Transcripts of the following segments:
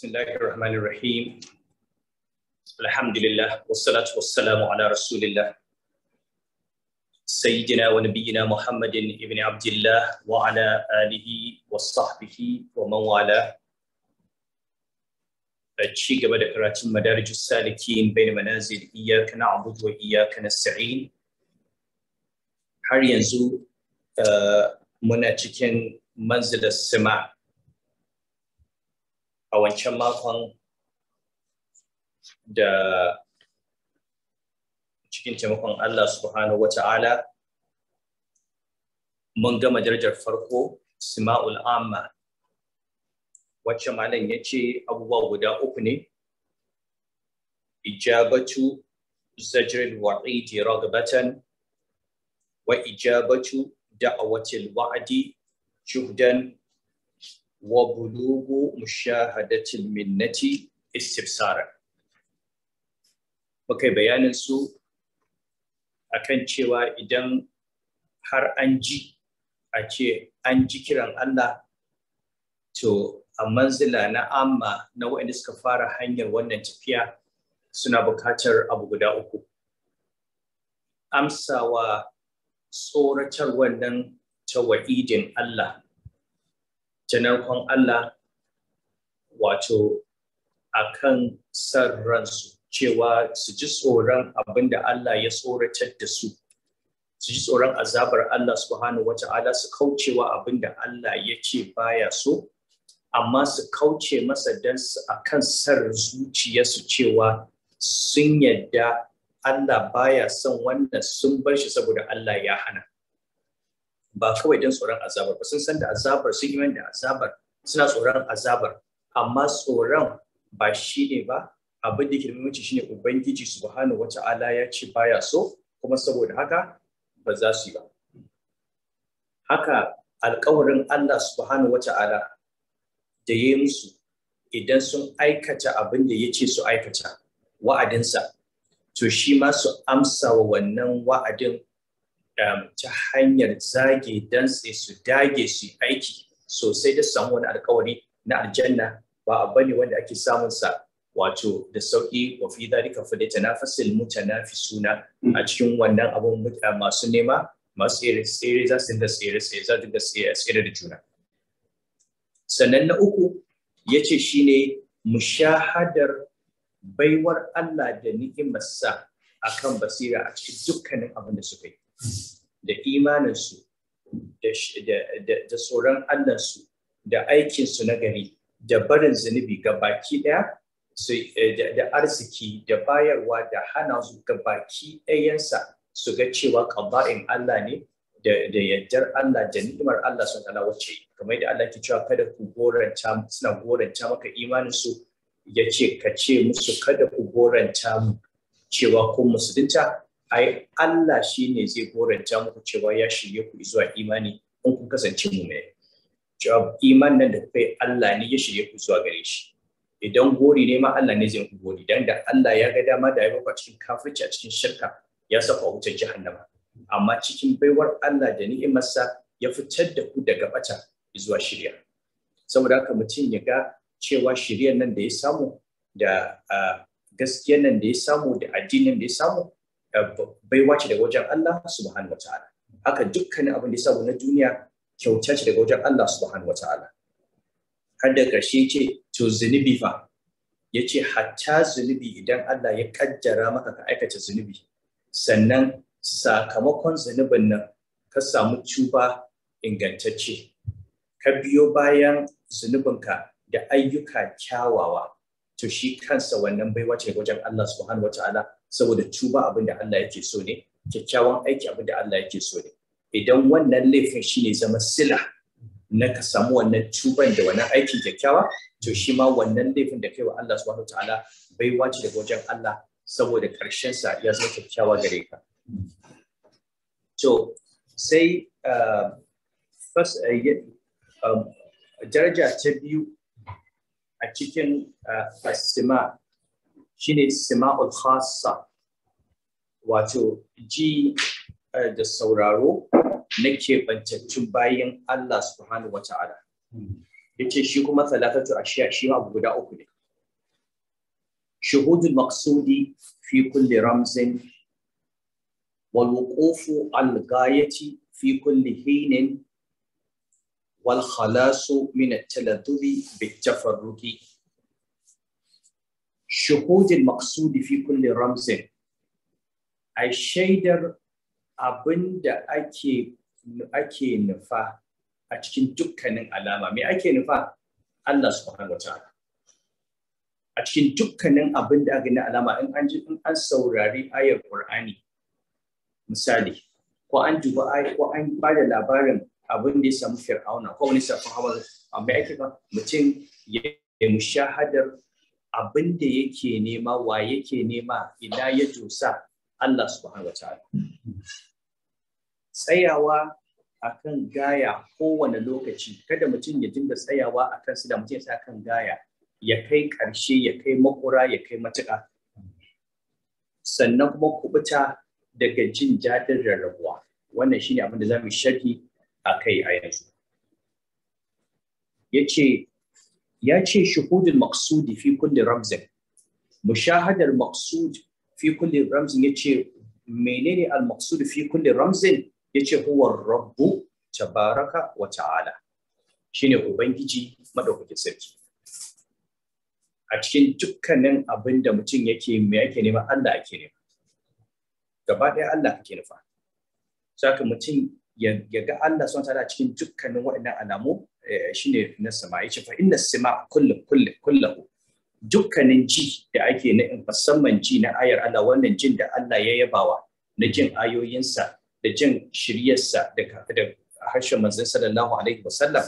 Bismillahirrahmanirrahim. Alhamdulillah, wassalatu wassalamu ala rasulillah. Sayyidina wa nabiyina Muhammadin ibn Abdullah wa ala alihi wa sahbihi wa mawala A ci gaba da karatun madarijus salikin bain manazil iyyaka na'budu wa iyyaka nasta'in. Har yanzu uh, muna cikin manzilar sima' a wancan makon da cikin taimakon Allah subhanahu ta'ala, mun gama darajar farko sima'ul amma wacce malam ya ce abubuwa guda uku ne ijabatu zajril wa'idi ragbatan wa ijabatu da'awatil wa'adi juhdan wa bulugu mushahadatil minnati istifsara muka yi bayanin su akan cewa idan har an ji a ce an ji kiran Allah to a manzila na amma na waɗanda suka fara hanyar wannan tafiya suna bukatar abu guda uku amsawa tsoratar wannan tawa'idin Allah janarkon Allah wato a kan san ransu cewa su ji tsoron abin da Allah ya tsoratar da su su ji tsoron azabar Allah subhanahu wa ta'ala su kaucewa abin da Allah ya ce baya so amma su kauce masa don a kan san zuciyarsu cewa sun yadda Allah baya son wannan sun bar shi saboda Allah ya hana ba kawai don tsoron azabar ba sun san da azabar sun yi da azabar suna tsoron azabar amma tsoron ba shi ne ba abin da ke shi shine ubangiji subhanahu ala ya ce baya so kuma saboda haka ba za su yi ba haka alkawarin Allah subhanahu ta'ala da ya yi musu idan sun aikata abin da ya ce su aikata wa'adinsa to shi ma su amsa wa wannan wa'adin ta hanyar zage dantse su dage su aiki sosai da samu wani alkawari na aljanna ba a bane wanda ake samun sa wato da sauki wa fi dalika fa tanafasul mutanafisuna mm. a cikin wannan abun masu nema masu tsere tsere za su dinga tsere tsere za su dinga tsere da juna sannan na uku yace shine mushahadar baiwar Allah da ni'imarsa akan basira a cikin dukkanin abin da suka yi da imaninsu da tsoron allansu da aikinsu na gari da barin zunubi ga baki ɗaya eh, da arziki da bayarwa da hana su ga baki ɗayansa su ga cewa ƙaba'in Allah ne da yardar Allah da ni'imar Allah sun ala wace kamar da Allah ke cewa kada ku goranta suna goranta maka imanin su ya ce ka ce musu kada ku goranta mu cewa ko musulunta ai Allah shi ne zai goranta muku cewa ya shirye ku zuwa imani in kun kasance mu ne cewa iman nan da kai Allah ne ya shirye ku zuwa gare shi idan gori ne ma Allah ne zai ku gori dan da Allah ya ga dama da ya baka cikin kafirci a cikin shirka ya saka wutar jahannama amma cikin baiwar Allah da ni'imarsa ya fitar da ku daga bata zuwa shirya saboda haka mutum ya ga cewa shiryan nan da ya samu da ah, gaskiyan nan da ya samu da addinin da ya samu Eh, baiwa ce daga wajen Allah subhanahu wataala haka dukkanin abin da ya samu na duniya kyauta ce daga wajen Allah subhanahu wataala har da ƙarshe ce to zunubi fa ya ce hatta zunubi idan Allah ya kaddara maka ka aikata zunubi sannan sakamakon zunubin nan ka samu cuba ingantacce ka biyo bayan ka da ayyuka kyawawa to shi kansa wannan baiwa ce wajen Allah subhanahu wataala saboda tuba abin da Allah yake so ne kyakkyawan aiki abin da Allah yake so ne idan wannan laifin shine zama sila na ka samu wannan tuban da wannan aiki kyakkyawa to shi ma wannan laifin da kai wa Allah subhanahu ta'ala bai wace daga wajen Allah saboda karshen sa ya zama kyakkyawa gare ka to sai uh, uh, um, daraja ta biyu a cikin uh, asima shine sima'ul khassa wato ji eh, da sauraro na keɓantaccen bayan Allah subhanahu wata'ala yace shi kuma salatatu ashiya shi ma guda uku ne shuhudul maqsudi fi kulli ramzin wal wuqufu al ghayati fi kulli hinin wal khalasu min at-taladdubi bit tafarruqi shuhud al-maqsud fi kulli ramzin ai shaidar abinda ake ake nufa a cikin dukkanin alama me ake nufa Allah subhanahu a cikin dukkanin abin da aka na alama in an saurari ayar Kur'ani, misali ko an duba ko an ba da labarin abin da ya samu Fir'auna ko wani safa hawa amma ake ba mutum ya mushahadar abin da yake nema wa yake nema ina ya dosa Allah subhanahu wa ta'ala tsayawa akan gaya kowane lokaci kada mutum ya dinga tsayawa akan su da mutum ya kan gaya ya kai ƙarshe ya kai makura ya kai matuƙa sannan kuma kubuta daga jin jadin rarrabuwa wannan shine abin da za mu sharhi a kai a yanzu ya ce ya ce shuhudul maqsudi fi kulli ramzin mushahadar maqsud fi kulli ramzin yace menene al maqsud fi kulli ramzin yace huwa rabbu tabaraka wa ta'ala shine ubangiji madaukakin sarki a cikin dukkanin abin da mutum yake me yake nema Allah yake nema gaba ɗaya Allah kake nufa saka mutum ya ga Allah son tana cikin dukkanin waɗannan alamu eh, shine na sama ya ce fa na sima kullu kulle kulle. dukkanin ji da ake na musamman ji na ayar Allah wannan jin da Allah ya yabawa na jin ayoyinsa da jin shiryarsa da harshen manzon sallallahu alaihi wasallam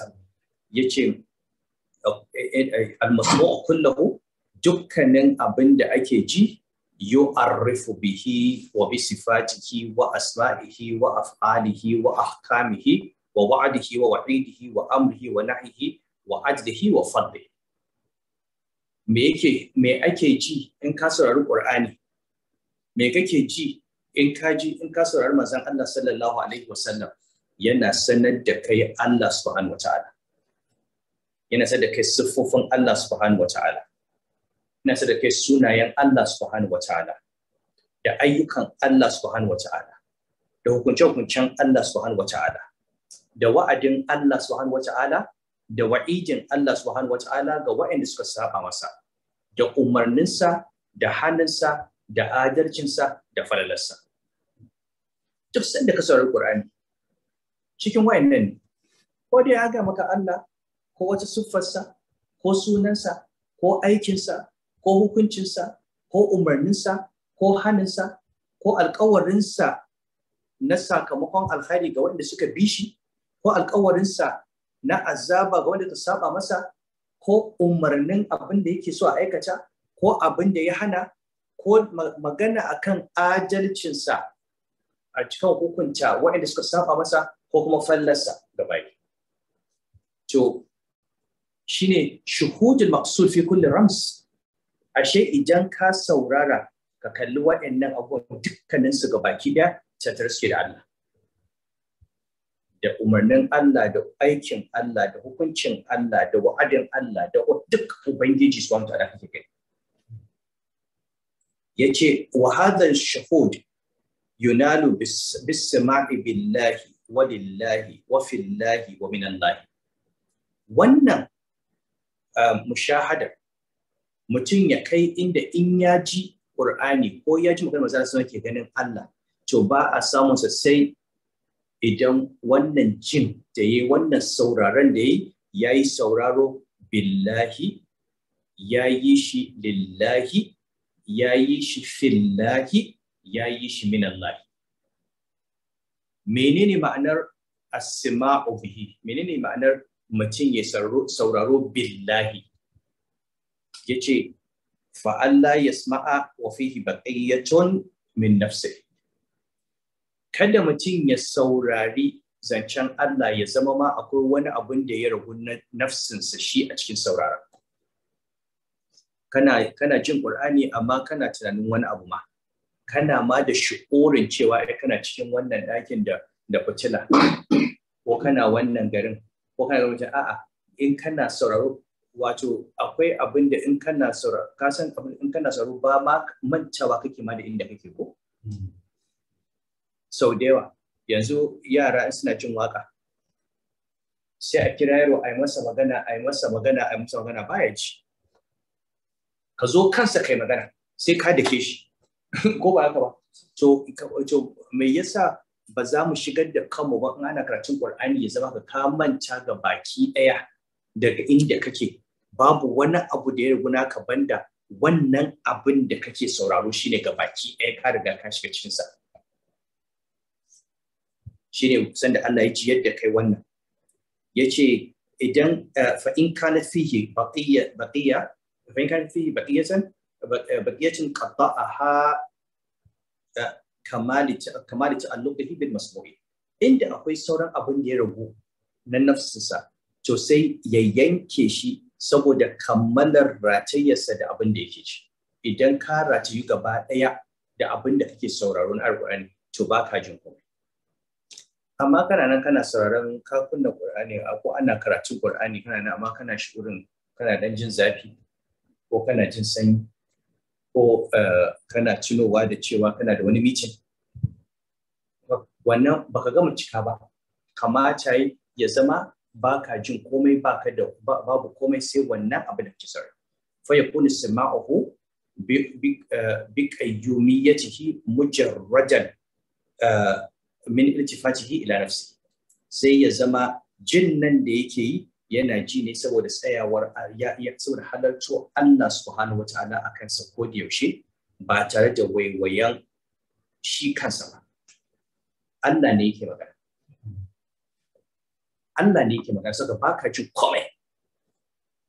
yace eh, eh, al-masmu' kullu dukkanin abin da ake ji yu'arrifu bihi wa bi sifatihi wa asma'ihi wa af'alihi wa ahkamihi wa wa wa wa wa wa me yake me ake ji in ka saurari qur'ani me kake ji in ka ji in ka saurari manzon Allah sallallahu alaihi wasallam yana sanar da kai Allah subhanahu wataala yana sanar da kai siffofin Allah subhanahu wataala da sadaka sunayen Allah subhanahu ta'ala da ayyukan Allah subhanahu ta'ala da hukunce-hukuncen Allah subhanahu ta'ala da wa'adin Allah subhanahu ta'ala da wa'idin Allah subhanahu ta'ala ga wayanda suka saba masa da umarninsa da hannunsa da adalcinsa da falalarsa duk sanda ka saurari Qur'ani cikin wayannan ko dai ya ga maka Allah ko wata siffarsa ko sunansa ko aikinsa ko hukuncinsa ko umarninsa ko haninsa ko alkawarinsa na sakamakon alkhairi ga wanda suka bi shi ko alkawarinsa na azaba ga wanda ta saba masa ko umarnin abin da yake so a aikata ko abin da ya hana ko magana akan adalcinsa a cikin hukunta waɗanda suka saba masa ko kuma fallarsa ga baki. To, shine shuhudul maqsud fi kulli rams ashe idan ka saurara ka kalli waɗannan abubuwan dukkanin su baki da tattare suke da Allah da umarnin Allah da aikin Allah da hukuncin Allah da wa'adin Allah da duk ubangiji su ta'ala kake gani yace wa hadha shahud shuhud yunalu bis-sama'i billahi wa lillahi wa fillahi wa minallahi wannan ah, mushahadar mutum ya kai inda in ya ji ƙur'ani ko ya ji maganar manzon suna ke ganin Allah to ba a samun sa sai idan wannan jin da yi wannan sauraron da yi ya yi sauraro billahi ya yi shi lillahi ya yi shi fillahi ya yi shi minallahi menene ma'anar asima'u bihi menene ma'anar mutum ya sauraro billahi Ya ce, fa Allah yasma'a wa fihi baqiyatun min nafsi kada mutum ya saurari zancen Allah ya zama ma akwai wani abun da ya ragu na nafsinsa shi a cikin saurara Kana, kana jin ƙur'ani amma kana tunanin wani abu ma. Kana ma da shi'orin cewa ya kana cikin wannan ɗakin da, da fitila, ko kana wannan garin, ko kana wajen a'a in kana sauraro wato akwai abin da in kana tsaro ka san abin in kana tsaro ba ma mancawa kake ma da inda kake ko hmm. sau da yawa yanzu yara in suna cin waka sai a kira yaro a yi masa magana a yi masa magana a yi masa magana ba ya ci ka zo kansa kai magana sai ka dake shi ko ba haka ba to me yasa ba za mu shigar da kanmu ba in ana karatun Qur'ani ya zama ka manta ga baki daya daga inda kake babu wani abu da ya riguna ka banda wannan abin da kake sauraro shine ga gabaki ɗaya ka riga ka shiga cikin sa ne sanda Allah ya ji yadda kai wannan yace idan eh, fa in kana fihi baqiya baqiya fa in kana fihi baqiyatan eh, baqiyatan qata'aha eh, kamali kamali masmu'i inda akwai sauran abin da ya ragu na nafsinsa to sai ya yanke shi saboda kammalar ratayyarsa da abin da yake ci idan ka ratayu gaba ɗaya da abin da kake sauraron alkur'ani to ba ka jin komai amma kana nan kana sauraron ka kunna qur'ani ko ana karatun qur'ani kana nan amma kana shi'urin kana dan jin zafi ko kana jin sanyi ko eh, kana tunowa da cewa kana da wani mitin wannan baka gama cika ba kamata ya zama ba ka jin komai ba ka da babu komai sai wannan abu da kisar sauraro fa yakunu sama'uhu bi eh, qayyumiyyatihi mujarrajan eh, min iltifatihi ila nafsi sai ya zama jin nan da yake yi yana ji ne saboda tsayawar ah, ya saboda halarto Allah subhanahu wataala akan sa ko da yaushe ba tare da waiwayan shi kansa ba Allah ne yake magana Allah ne yake magana saboda baka ji komai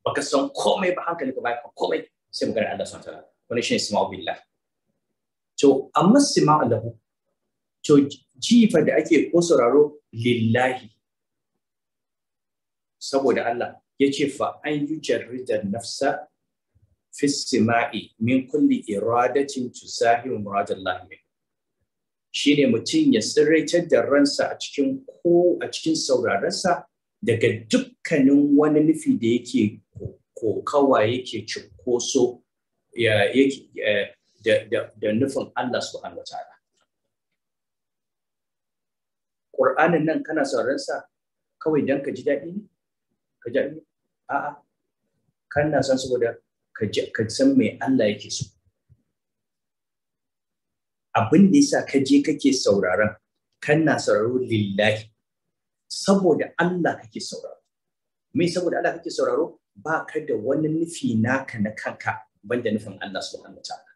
ba ka san komai ba hankali ka baka komai sai magana Allah subhanahu wataala wani shine sima'u billah to amma sima'u lahu to jifa da ake ko sauraro lillahi saboda Allah yace fa an yujarrida nafsa fi sima'i min kulli iradatin tusahi muradallahi min Shi ne mutum ya sirraitar da ransa a cikin ko a cikin saurarensa daga dukkanin wani nufi da yake kokawa yake cikoso da nufin Allah su an ta'ala Ƙur'anin nan kana sauransa kawai don ka ji daɗi ne? Ka ji A'a, kana san saboda ka san me Allah yake so. abin da yasa ka je kake sauraron kana sauraro lillahi saboda Allah kake sauraro me saboda Allah kake sauraro ba ka da wani nufi naka na kanka da nufin Allah subhanahu wataala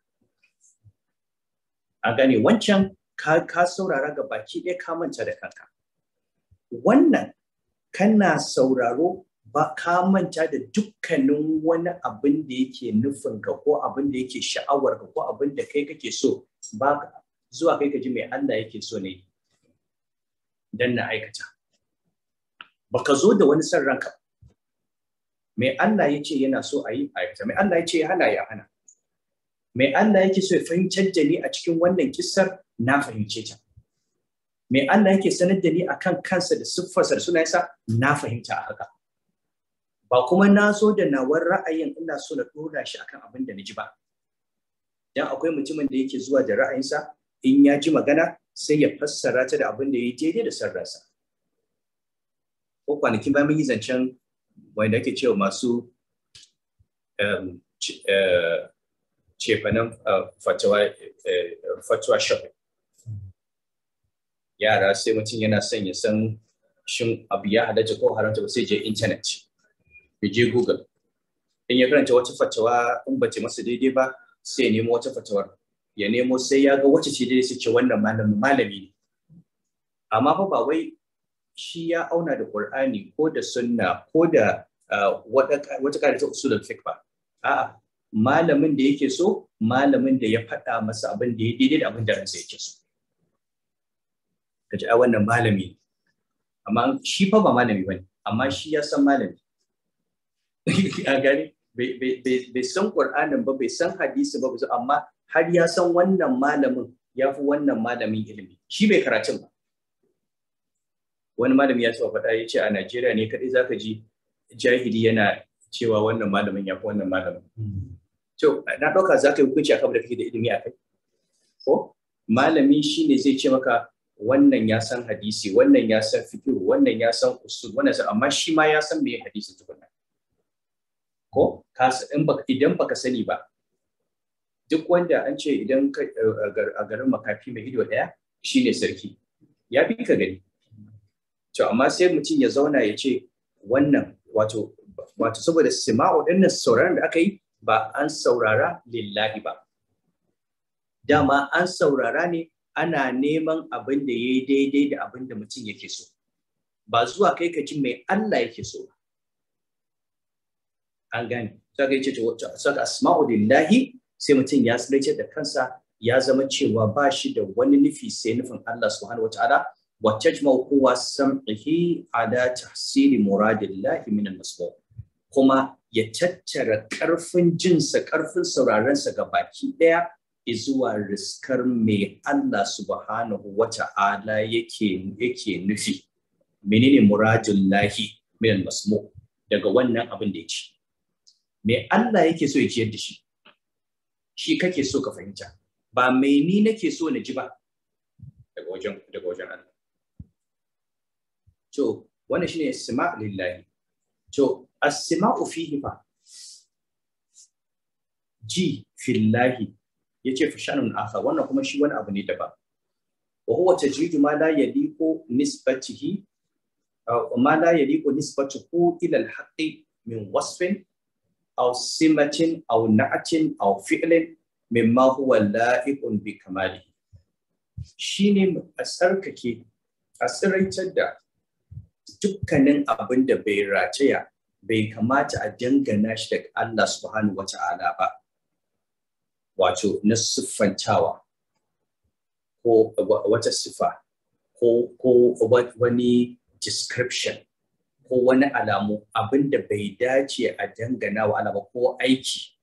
a gane wancan ka ka saurara ga baki ɗaya ka manta da kanka wannan kana sauraro ba ka manta da dukkanin wani abin da yake nufin ka ko abin da yake sha'awar ka ko abin da kai kake so ba zuwa kai ka ji mai Allah yake so ne dan na aikata Ba ka zo da wani san ranka mai Allah ya ce yana so a yi aikata mai Allah ya ce ya hana ya hana mai Allah yake so ya fahimtar da ni a cikin wannan kissar na fahimce ta mai Allah yake sanar da ni akan kansa da siffarsa da sunayensa na fahimta a haka ba kuma na zo da nawar ra'ayin ina so na dora shi akan abin da na ji ba dan akwai mutumin da yake zuwa da ra'ayinsa in ya ji magana sai ya fassara ta da abin da ya daidai da sarrasa ko kwanakin ba mun yi zancen wanda ake cewa masu eh, cefanen eh, fatwa eh, shopping yara sai mutum yana son ya san shin abu ya halatta ko haramta ba sai je intanet ya je Google. In ya karanta wata fatawa in ba ce masa daidai ba sai ya nemo wata fatawar. Ya nemo sai ya ga wacce ce daidai sai ce wannan malami malami ne. Amma fa ba wai shi ya auna da Qur'ani ko da sunna ko da ah, wata ƙa'ida ta usulul fiqh ba. A'a malamin da yake so malamin da ya faɗa masa abin da ya daidai da abin da ransa yake so. Ka ji a wannan malami ne. Amma shi fa ba malami ba ne, amma shi ya san malami. a gani bai san Qur'anin ba bai san hadisi ba amma har ya san wannan malamin ya fi wannan malamin ilimi shi bai karatun ba wani malami ya saba faɗa ya ce a Najeriya ne kaɗai zaka ji jahili yana cewa wannan malamin ya fi wannan malamin to na ɗauka za ka yi hukunci akan da kake da ilimi a kai ko malami shi ne zai ce maka wannan ya san hadisi wannan ya san fikiru wannan ya san usul wannan amma shi ma ya san me hadisi tukunna ko idan baka sani ba duk wanda an ce idan eh, eh, a garin makafi mai ido ɗaya shine sarki ya fi ka gani to amma sai mutum ya zauna ya ce wannan wato wato saboda sima'u nan sauraron da aka yi ba an saurara lillahi ba dama an saurara ne ana neman abin da ya yi daidai da abin da mutum yake so ba zuwa kai ka ji mai Allah yake so ba an gane ga yace ta saka asma'u lillahi sai mutum ya tsirce da kansa ya zama cewa ba shi da wani nufi sai nufin Allah subhanahu wataala wa tajma huwa sam'ihi ala tahsili muradillahi min al-masbu kuma ya tattara karfin jinsa karfin saurarensa ga baki daya izuwa riskar me Allah subhanahu wata'ala yake yake nufi menene muradin min al masmu daga wannan abin da ya ci me Allah yake so ya ciyar da shi shi kake so ka fahimta ba mai ni nake so na ji ba daga wajen daga wajen Allah to wannan shine sima lillahi to as-sima'u fihi ba ji fillahi yace fa shanun akha wannan kuma shi wani abu ne ba wa huwa tajridu ma la yaliqu nisbatihi uh, ma la yaliqu nisbatuhu ila al-haqqi min wasfin أو سمة أو نعت أو فعل مما هو لائق بكماله shine a tsarkake a tsiraitar da dukkanin abin da bai rataya bai kamata a dangana shi daga Allah subhanahu wa ta'ala ba wato na siffantawa ko wata sifa ko wani description ko wani alamu abin da bai dace a dangana wa ko aiki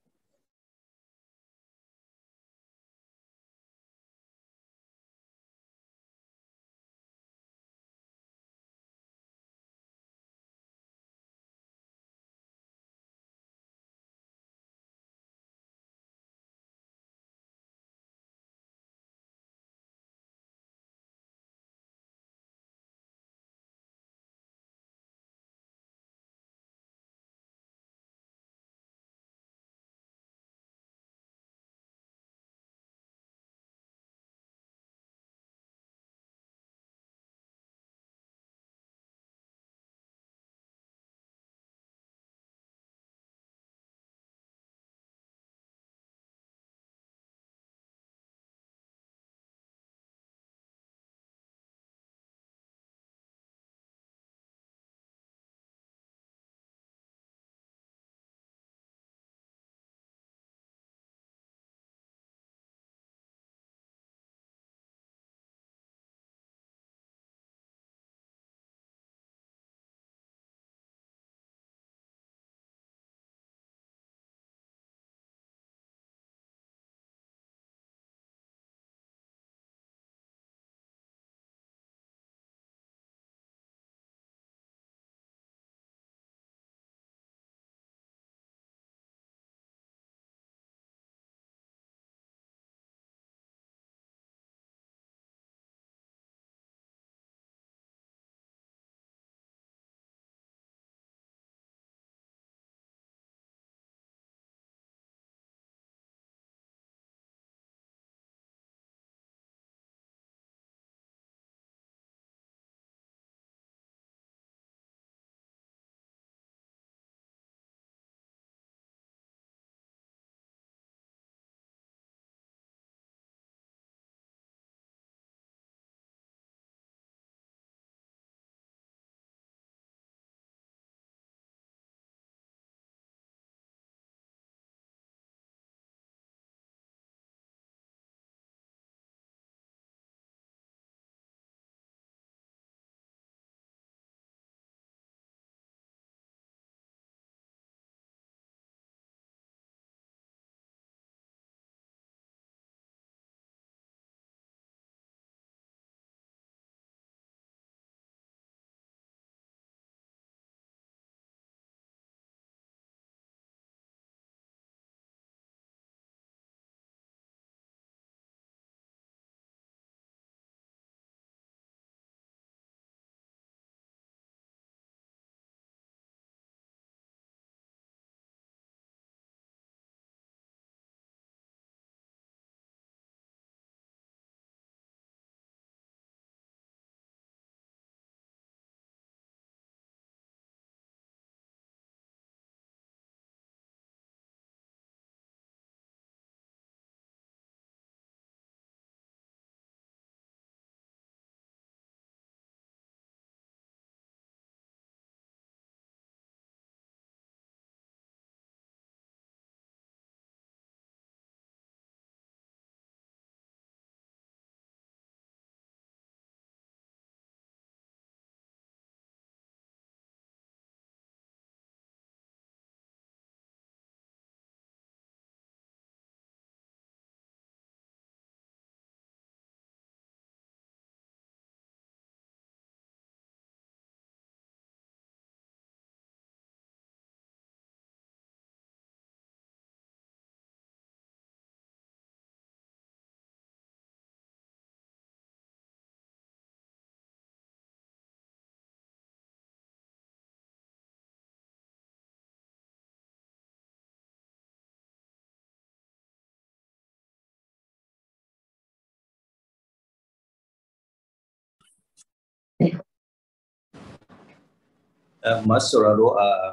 Uh, masu sauraro a uh,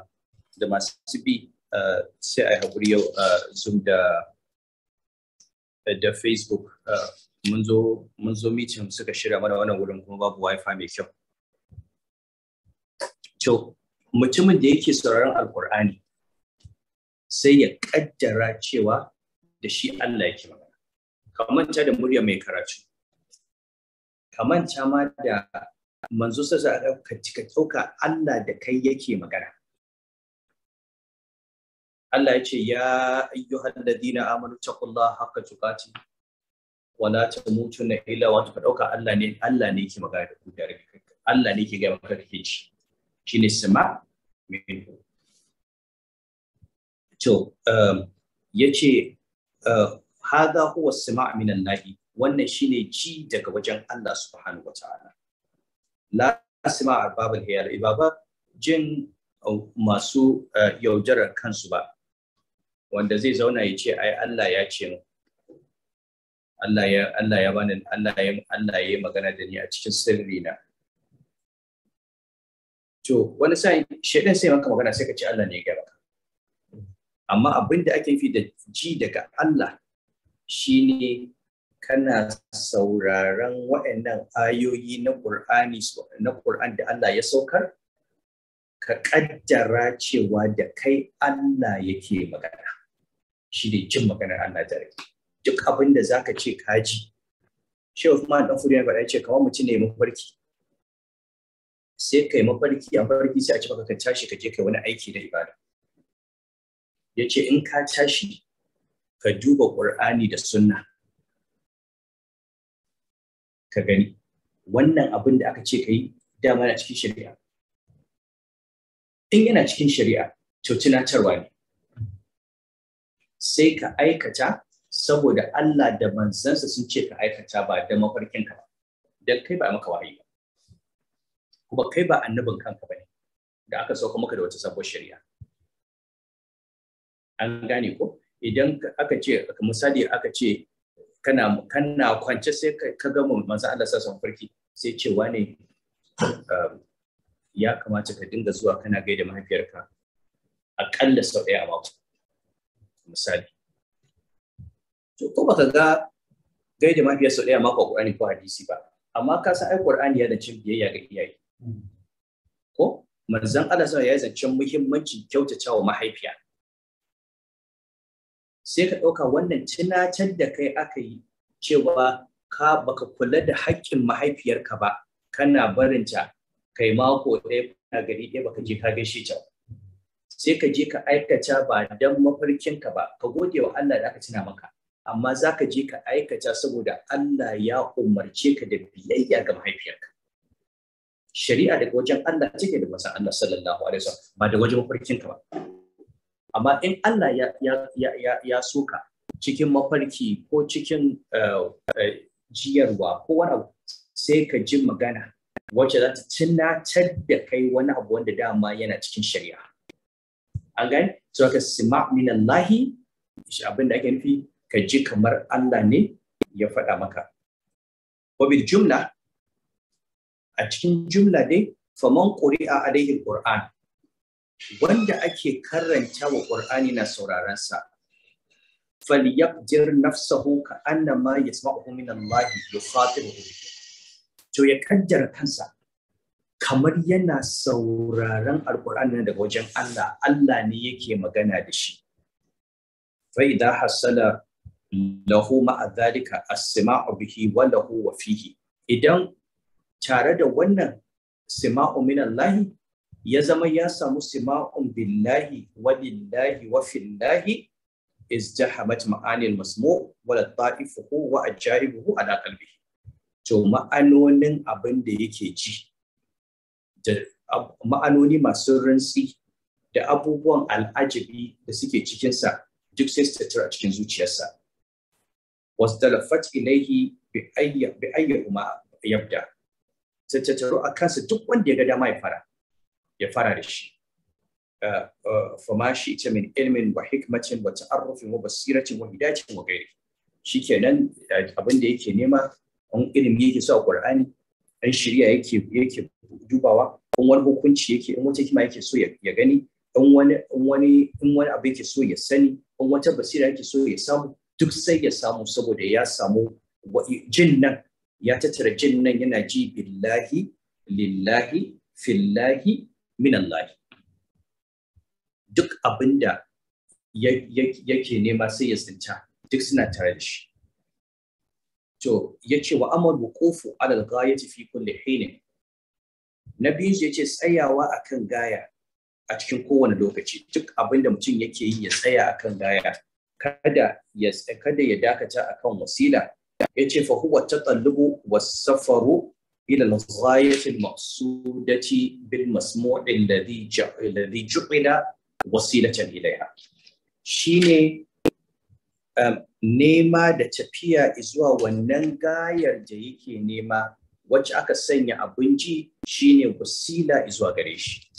da masu bi uh, sai a haƙuri yau zoom da da facebook mun zo mitin meeting suka shirya mana wannan wurin kuma babu wifi mai kyau to mutumin da yake sauraron alkur'ani sai ya ƙaddara cewa da shi Allah yake magana kamanta da murya mai karatu kamanta ma da manzo sai ka cika ɗauka Allah da kai yake magana Allah yace ya ayyuhal ladina amanu taqullaha haqqa tuqati wa la tamutunna illa wa antum ɗauka Allah ne Allah ne yake magana da ku da Allah ne yake ga maka da kici shine sama min to um yace uh, hadha huwa sama' min Allah wannan shine ji daga wajen Allah subhanahu wataala Lasima, a babu al-hiyar ba jin masu eh, yaujarar kansu ba wanda zai zauna ya ce ai Allah ya ce mu Allah ya Allah ya bani Allah ya Allah ya magana da ni a cikin sirri na to wani sai shedan sai maka magana sai ka ce Allah ne ya gaba amma abin da ake fi da ji daga Allah shine kana sauraron waɗannan ayoyi na Qur'ani na Qur'an da Allah ya saukar ka ƙaddara cewa da kai Allah yake magana shi ne jin maganar Allah da duk abin da zaka ce ka ji shi Uthman dan Furiya faɗa ce kawai mutum ne mafarki sai kai mafarki a mafarki sai a ce baka ka tashi ka je kai wani aiki da ibada yace in ka tashi ka duba ƙur'ani da sunna ka gani wannan abin da aka ce ka yi dama na cikin shari'a in yana cikin shari'a to tunatarwa ne sai ka aikata saboda Allah da manzansa sun ce ka aikata ba da mafarkin ka ba dan kai ba maka wahayi ba kuma kai ba annabin kanka bane da aka sauka maka da wata sabuwar shari'a an gane ko idan aka ce misali aka ce kana kana kwance sai ka ga manzo Allah sassan farki sai cewa ne um, ya kamata ka dinga zuwa kana gaida mahaifiyarka aƙalla sau ɗaya a mako misali to ko baka ga gaida mahaifiyar sau ɗaya a mako Qur'ani ko hadisi ba amma ka san ai Qur'ani yana cin biyayya ga iyaye hmm. ko manzon Allah sai ya zance muhimmancin wa mahaifiya sai ka ɗauka wannan tunatar da kai aka yi cewa ka baka kula da haƙƙin mahaifiyarka ba kana barinta kai mako ɗaya kuna gari ɗaya baka je ka gaishe ta sai ka je ka aikata ba dan mafarkinka ba ka gode wa Allah da aka tuna maka amma za ka je ka aikata saboda Allah ya umarce ka da biyayya ga mahaifiyarka shari'a daga wajen Allah take da wasan Allah sallallahu alaihi wasallam ba da wajen mafarkinka ba amma in Allah ya soka cikin mafarki ko cikin eh, eh, jiyarwa ko wani abu sai ka ji magana wacce za ta tunatar da kai wani abu wanda dama yana cikin shari'a an gani so ka sima minallahi abin da ake nufi ka ji kamar Allah ne ya faɗa maka wabil jumla a cikin jumla dai faman ƙuri'a alaihi qur'an wanda ake karanta wa ƙur'ani na sauraron sa falyabdir nafsahu ka annama yasma'uhu min Allah yukhatibuhu to ya kaddara kansa kamar yana sauraron Alƙur'ani daga wajen Allah Allah ne yake magana da shi fa idha hasala lahu ma'a dhalika as bihi wa lahu wa fihi idan tare da wannan sima'u min Allah ya zama ya samu sima'un billahi wa lillahi wa fillahi iz jahamat ma'anil masmu wa la ta'ifuhu wa ajaibuhu ala qalbi to ma'anonin abin da yake ji da ma'anoni masu rinsi da abubuwan al'ajabi da suke cikinsa duk sai su tattara cikin zuciyarsa wasdalafat ilaihi bi ayya bi ayya yabda tattaru a kansa duk wanda ya ga dama ya fara ya fara da shi uh, uh, fama shi min ilmin wa hikmacin wa ta'arrufin wa basiratin wa hidacin wa gairi nan uh, abin da yake nema an ilimi yake so a qur'ani an shirya yake yake dubawa in wani hukunci yake in wata hikima yake so ya gani in wani in wani in wani abu yake so ya sani in wata basira yake so ya samu duk sai ya samu saboda ya samu jin nan ya tattara jin nan yana ji billahi lillahi fillahi minallahi duk abinda yake nema sai ya tsinta duk suna tare da shi to yace wa amal wuqufu ala al-ghayati fi kulli hin na biyu yace tsayawa akan gaya a cikin kowane lokaci duk abinda mutum yake yi ya tsaya akan gaya kada ya kada ya dakata akan wasila yace fa huwa tatallubu was safaru إلى الغاية المقصودة بالمسموع الذي الذي جعل وسيلة إليها شيني nema da tafiya izuwa wannan gayar da yake nema wacce aka sanya abin ji shine wasila izuwa gare shi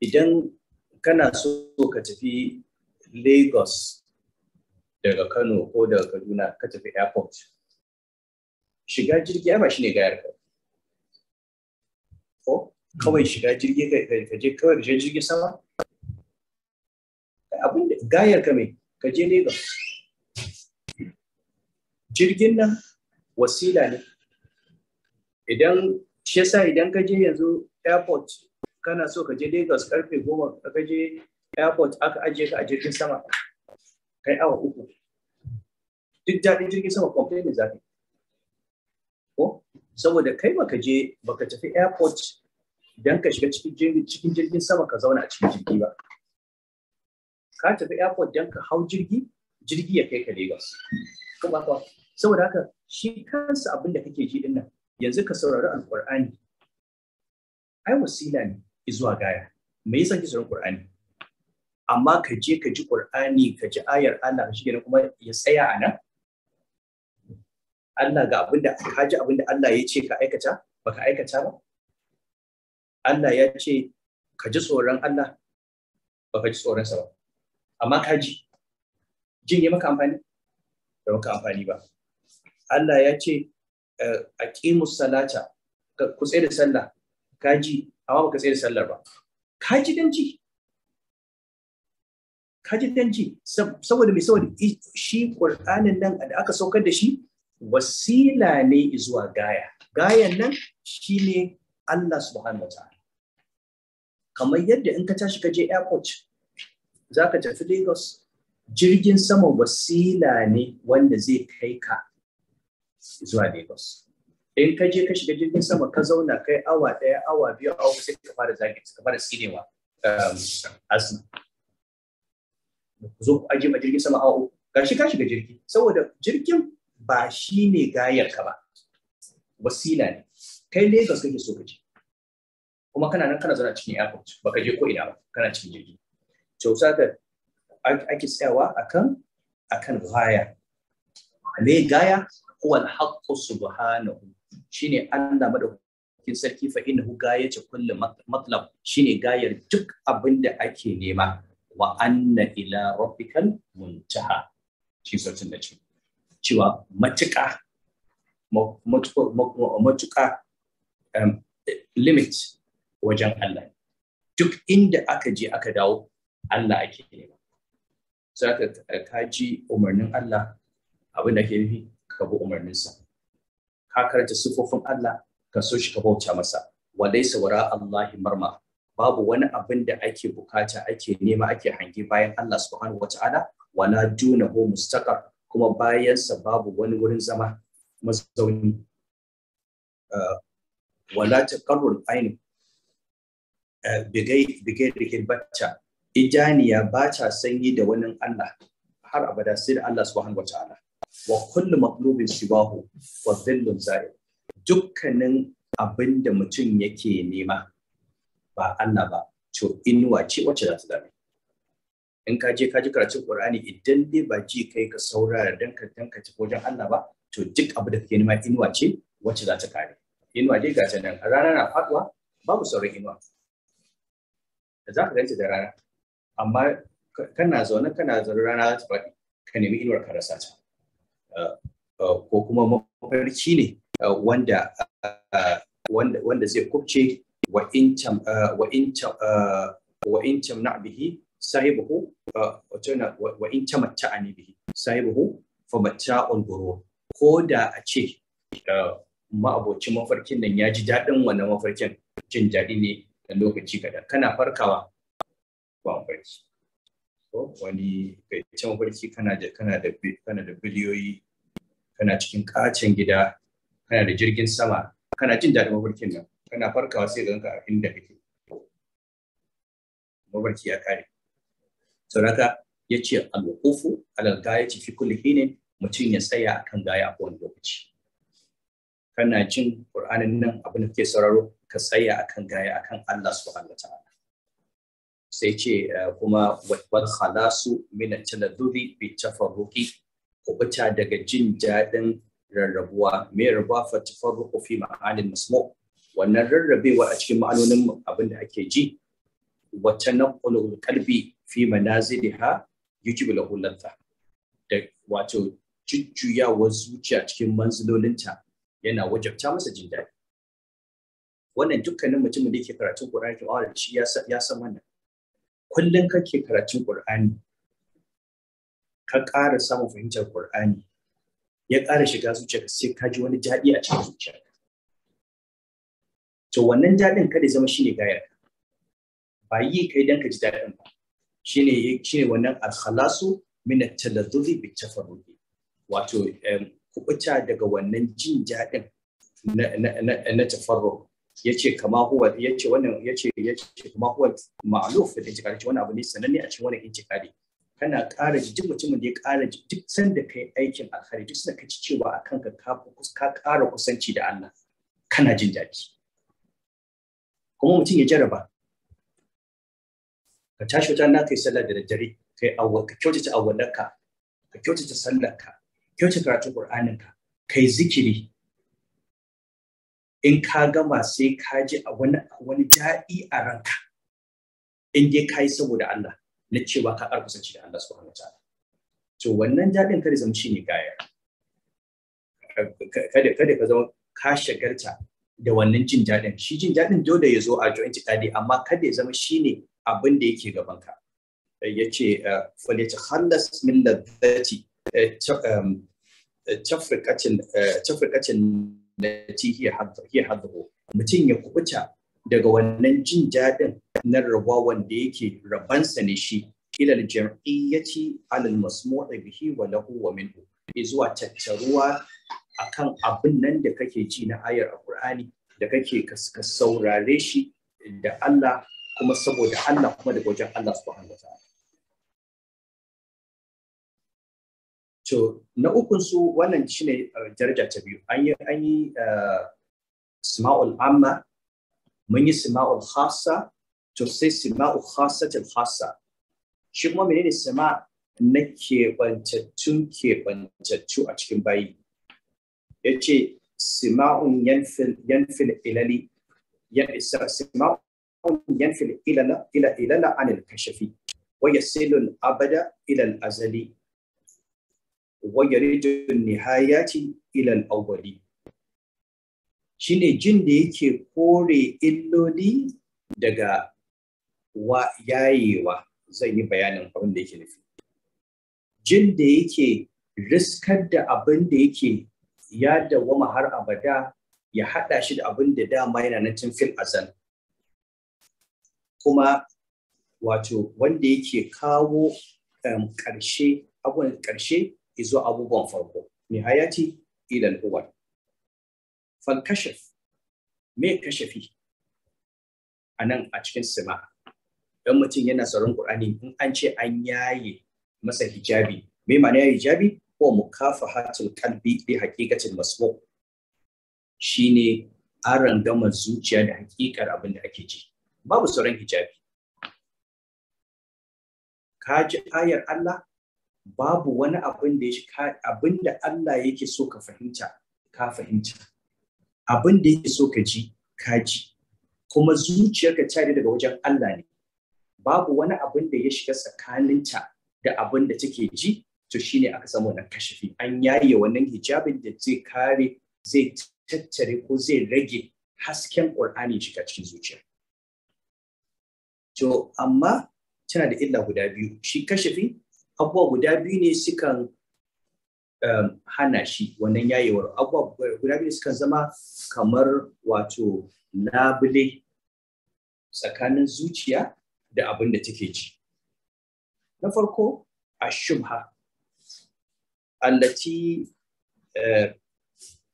idan kana so ka tafi lagos daga kano ko daga kaduna ka tafi airport shiga jirgi ba ne ga yarka ko kawai shiga jirgi ka je kawai ka jirgi jirgin sama abin da gayar ka mai ka je ga jirgin nan wasila ne idan shi yasa idan ka je yanzu airport kana so ka je Lagos karfe goma ka je airport aka ajiye ka a jirgin sama kai awa uku duk daɗin jirgin sama complain za zafi saboda kai baka je baka tafi airport don ka shiga cikin jirgin sama ka zauna a cikin jirgi ba ka tafi airport dan ka hau jirgi jirgi ya kai ka Lagos kuma ba saboda haka shi kansa abin da kake ji dinnan yanzu ka saurari alqur'ani ai wasila ne zuwa gaya me yasa kike saurari qur'ani amma ka je ka ji qur'ani ka ji ayar Allah shi kuma ya tsaya a nan Allah ga abin da ka ji abin da Allah ya ce ka aikata baka aikata ba Allah ya ce ka ji tsoron Allah baka ji tsoron sa ba amma ka ji jin ya maka amfani ba maka amfani ba Allah ya ce eh, a ƙimus salata ku tsaye da sallah ka ji amma baka tsaye da sallar ba ka ji dan ji ka ji dan ji saboda mai saboda shi Qur'anin nan da aka saukar da shi wasila ne zuwa gaya gayan nan shine Allah subhanahu wataala kamar yadda in ka tashi ka je airport zaka tafi Lagos jirgin sama wasila ne wanda zai kai ka zuwa Lagos in ka je ka shiga jirgin sama ka zauna kai awa ɗaya awa biyu awa sai ka fara zagi ka fara tsinewa um, asma zo ku aje ma jirgin sama awa ga shi ka shiga jirgi saboda jirgin ba shi ne gayarka ba wasila ne kai Legas kake so ka je kuma kana nan kana zauna cikin airport baka je ko ina ba kana cikin jirgi to saka ake tsayawa akan akan gaya me gaya ko al-haqqu subhanahu shine Allah madaukakin sarki fa innahu gayatu kullu matlab shine gayar duk abin da ake nema wa anna ila rabbikal muntaha shi sautin da ce cewa matuƙa matuƙa um, limit wajen Allah duk inda aka je aka dawo Allah ake nema za ka kaji umarnin Allah abin da ke nufi ka bi umarninsa ka karanta sifofin Allah ka so shi ka bauta masa laysa wara Allahi marma babu wani abin da ake bukata ake nema ake hangi bayan Allah subhanahu wata'ala wala dunahu mustaqar kuma bayansa babu wani wurin zama mazauni ah, wala ta karul ainu eh, bigai rikin bacca ijaniya ba ta sanyi da wani Allah har abada sai da Allah subhanahu wataala wa kullu maqlubin bahu, wa dhillun dukkanin abinda da mutum yake nema ba Allah ba to inuwa ce wacce za ta dame in ka je ka ji karatun Qur'ani idan dai ba ji kai ka saurara dan ka dan ka ci wajen Allah ba to duk abu da kake nema inuwa ce wacce za ta kare inuwa dai ga nan a rana na faduwa babu sauran inuwa da za ka ganta da rana amma kana zaune kana zaune rana za ta faɗi ka nemi inuwar ka rasa ta uh, uh, ko kuma mafarki ne uh, wanda wanda zai kubce wa in wa in wa in tam na bihi sahibuhu na wa in ta matta'ani bihi sahibuhu fa on buru ko da a ce uh, ma'abocin mafarkin nan ya ji daɗin wannan mafarkin jin daɗi ne a lokaci kaɗan kana farkawa ba mafarki ko wani gaicen mafarki kana da kana da kana da biliyoyi kana cikin kacin gida kana da jirgin sama kana jin daɗin mafarkin nan kana farkawa sai ganka a inda kake mafarki ya kare sauraka ya ce alwakufu alal gaya ci fi kulli hinin mutum ya tsaya akan gaya a kowane lokaci kana jin ƙur'anin nan abin da kake sauraro ka tsaya akan gaya akan Allah su wa ta'ala sai ce kuma wal khalasu min at-taladdudi bi tafarruqi kubuta daga jin daɗin rarrabuwa mai rabuwa fa tafarruqu fi ma'anin masmu wannan rarrabewa a cikin ma'anonin abin da ake ji wata naqulul kalbi fi manaziliha yuji lahu lantha da wato jujjuyawar zuciya cikin manzilolinta yana wajabta masa jin daɗi wannan dukkanin mutumin da yake karatun Qur'ani to Allah shi ya san wannan kullun kake karatun Qur'ani ka ƙara samun fahimtar Qur'ani ya ƙara shiga ka sai ka ji wani daɗi a cikin zuciya to wannan daɗin kada zama shi ne gayar ba yi kai dan ka ji daɗin ba shine shine wannan al-khalasu min at-taladduzi bi wato kubuta daga wannan jin daɗin na na na tafarru yace kama huwa yace wannan yace yace kama huwa ma'luf da intikari wannan abu ne sananne a cikin wannan kare? kana ƙara ji duk mutumin da ya ƙara ji duk sanda kai aikin alkhairi duk sanda ka ci cewa a ka ka ƙara kusanci da Allah kana jin daɗi kuma mutum ya jaraba ka tashi wajen na kai sallah da daddare kai awwa ka kyautata awwalarka ka kyautata sallarka kyautata karatun ka kai zikiri in ka gama sai ka ji a wani wani daɗi a ranka in dai ka yi saboda Allah na cewa ka karkusanci da Allah subhanahu wataala to wannan daɗin kada zama shi ne gaya kada kada ka zama ka shagarta da wannan jin daɗin shi jin daɗin dole ya zo a joint tadi amma kada ya zama shi ne abin da yake gabanka eh, ya ce eh, falita hallas min ladati tafrikacin da ci hiya haddahu mutum ya kubuta daga wannan jin daɗin na rabuwa wanda yake rabansa ne shi ilal jam'iyyati alal masmu'i bihi wa lahu wa minhu zuwa tattaruwa akan abin nan da kake ji na ayar alqur'ani da kake ka saurare shi da Allah kuma saboda Allah kuma daga wajen Allah su hannu ta. to na ukun su wannan shine uh, daraja ta biyu an yi uh, sima'ul amma mun yi sima'ul khassa to sai sima'ul ta khassa shi kuma menene sima na keɓantattun keɓantattu a cikin bayi ya ce sima'un yanfil ilali sima'un ينفي الإلل إلى إلل عن الكشف ويسيل azali, إلى الأزل ويرج النهايات إلى الأول shine jin da yake kore illoli daga wa yayewa zan yi bayanin abin da yake nufi jin da yake riskar da abin da yake ya dawama har abada ya haɗa shi da abin da dama yana na tun fil azal kuma wato wanda yake kawo um, ƙarshe abubuwan ƙarshe izo abubuwan farko nihayati hayati uwal fal kashaf me kashafi a nan a cikin sima don mutum yana tsaron ƙur'ani in an ce an yaye masa hijabi me ma'ana yaye hijabi ko mukafahatul kalbi bi haqiqatil masbu shine aran gama zuciya da haƙiƙar abin da ake ji babu sauran hijabi ka ji ayar Allah babu wani abin da abin da Allah yake so ka fahimta ka fahimta abin da yake so ka ji ka ji kuma zuciyarka ta daga wajen Allah ne babu wani abin da ya shiga tsakaninta da abin da take ji to shine aka samu wannan kashifi an yaye wannan hijabin da zai kare zai tattare ko zai rage hasken Qur'ani shiga cikin zuciya to amma tana da illa guda biyu shi kashafi abubuwa guda biyu ne sukan um, hana shi wannan yayewar abubuwa guda biyu sukan zama kamar wato labule tsakanin zuciya da abin da take ji na farko a shubha allati eh,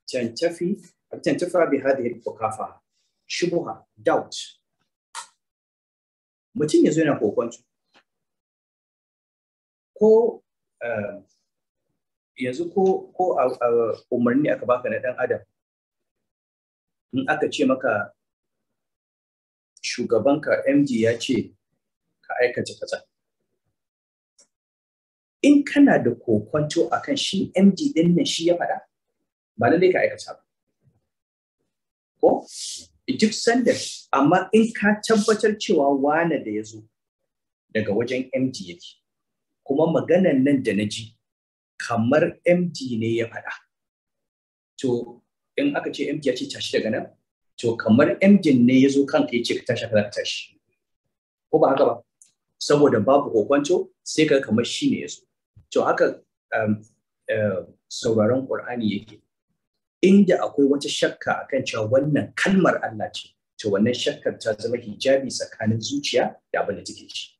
tantafi tantafa bi hadhihi al-fukafa shubha doubt mutum ya zo yana kokonci ko eh, yanzu ko ko umarni aka baka na dan adam in aka ce maka shugabanka md ya ce ka aikata kaza in kana da kokonto akan shi md din nan shi ya faɗa ba lallai ka aikata ba ko duk sanda amma in ka tabbatar cewa wane da ya zo daga wajen md yake kuma maganan nan da na ji kamar md ne ya faɗa to in aka ce md ya ce tashi daga nan to kamar md ne ya zo kanka ya ce ka tashi ka tashi ko ba haka ba saboda babu kokwanto sai ka kamar shi ne ya zo to haka um, eh, sauraron ƙur'ani yake inda akwai wata shakka a kan cewa wannan kalmar Allah ce to wannan shakkar ta zama hijabi tsakanin zuciya da abin da take ci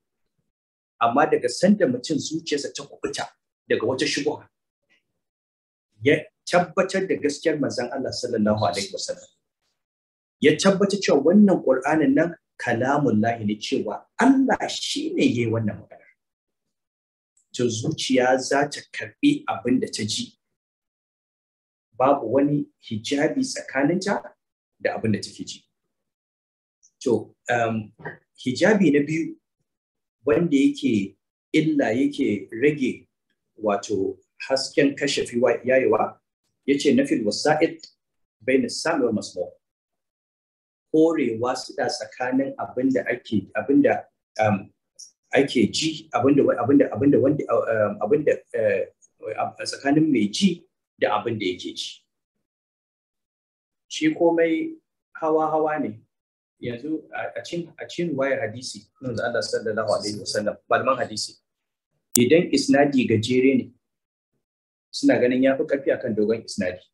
amma daga sanda mutum zuciyarsa ta kubuta daga wata shubha ya tabbatar da gaskiyar manzan Allah sallallahu alaihi wasallam ya tabbatar cewa wannan ƙur'anin nan kalamun lahi ne cewa Allah shi ne ya yi wannan maganar. To zuciya za ta karɓi abin da ta ji babu wani hijabi tsakaninta da abin da take ji to um, hijabi na biyu wanda yake illa yake rage wato hasken kashafi yayewa ya ce nafil wasa'id bai na samuwar masmo korewa su da tsakanin da ake da um, ake ji abinda abinda abinda wanda um, abinda eh, tsakanin mai ji da abin da yake ci shi komai hawa-hawa ne yanzu a cin wayar hadisi da Allah sallallahu alaihi wasallam malaman hadisi idan isnadi gajere ne suna ganin ya fi ƙarfi akan dogon isnadi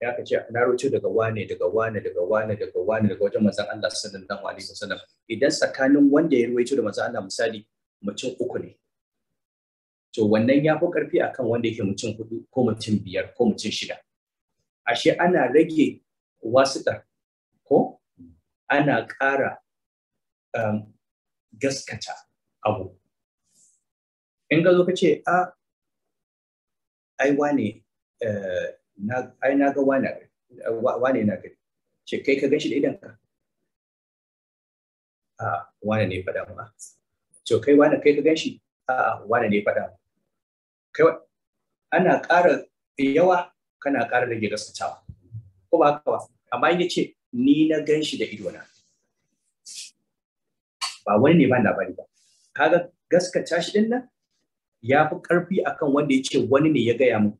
ya ka ce na roce daga wane daga wane daga wane daga wane daga wajen manzon Allah sallallahu alaihi wasallam idan tsakanin wanda ya ruwaito da manzon Allah misali mutum uku ne to wannan ya fi ƙarfi akan wanda yake mutum hudu ko mutum biyar ko mutum shida ashe ana rage wasuɗa ko ana ƙara um, gaskata abu in ga zo ka ce a ai wane eh, ai na ga wane na gari ce kai ka gan shi da idanka a wane ne faɗa ma to kai wane kai ka gan shi a wane ne faɗa kai ana ƙara yawa kana ƙara rage gaskatawa ko ba haka ba amma in ce ni na gan shi da idona ba wani ne ba labari ba kaga gaskata shi din nan ya fi ƙarfi akan wanda ya ce wani ne ya gaya mu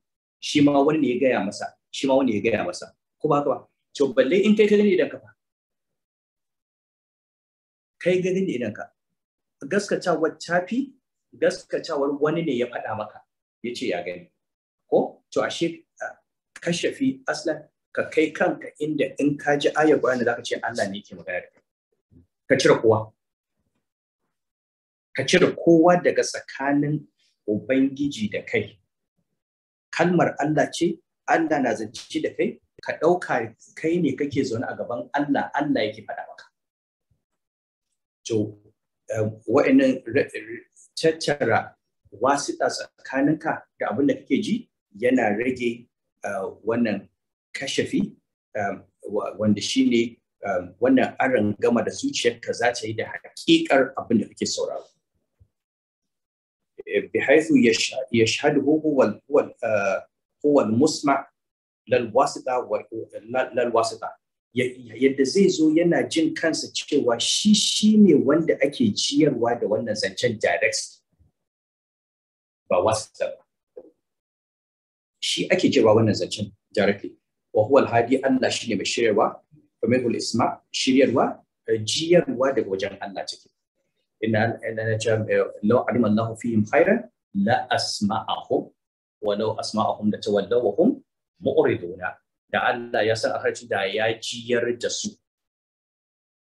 shi ma wani ne ya gaya masa shi ma wani ya gaya masa ko ba haka ba to balle in kai ka gani idan ka fa kai gani idan ka gaskatawar tafi gaskatawar wani ne ya faɗa maka ya ya gani ko to ashe kashafi asla ka kai kanka inda in ka ji aya bayani za ce Allah ne yake magana da ka cire kowa ka cire kowa daga tsakanin ubangiji da kai kalmar Allah ce Allah na zance da kai ka ɗauka kai ne kake zaune a gaban Allah Allah yake faɗa maka to eh, wa'annan tattara wasiɗa tsakaninka da abin da kake ji yana rage eh, wannan kashafi eh, wanda shi ne eh, wannan aron gama da zuciyarka za ta yi da hakikar abin da kake sauraro. بحيث ya هو هو هو musma, yadda zai zo yana jin kansa cewa shi shi ne wanda ake ciyarwa da wannan zancen direct ba wasta shi ake cewa wannan zancen directly wa huwa alhadi Allah ne mai shiryarwa fa isma shiryarwa jiyarwa daga wajen Allah take inna inna jam law alima Allah fihim khairan la asma'ahum wa law asma'ahum la tawallaw mu'riduna da Allah ya san harci da ya jiyar da su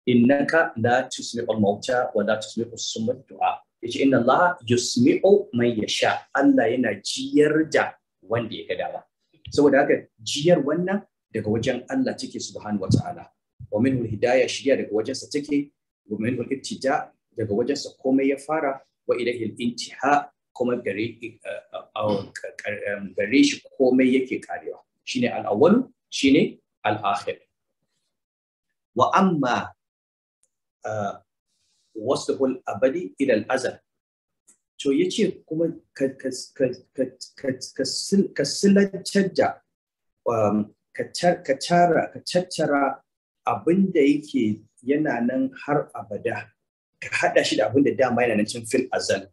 innaka la tusmi'ul mauta wa la tusmi'us summa du'a yace inna Allah yusmi'u mai yasha Allah yana jiyar da wanda ya ga saboda haka jiyar wannan daga wajen Allah take subhanahu wata'ala wa minhu hidaya shiriya daga wajen sa take wa minhu ibtida daga wajen sa komai ya fara wa ilaihi intiha kuma gare eh, eh, eh, um, gare shi komai yake karewa shine al-awwal shine al-akhir wa amma uh, wasuhul abadi ilal azal to ce kuma ka silancar da um, ka yake yana nan har abada ka hada shi da abin da dama yana nan cin fil azal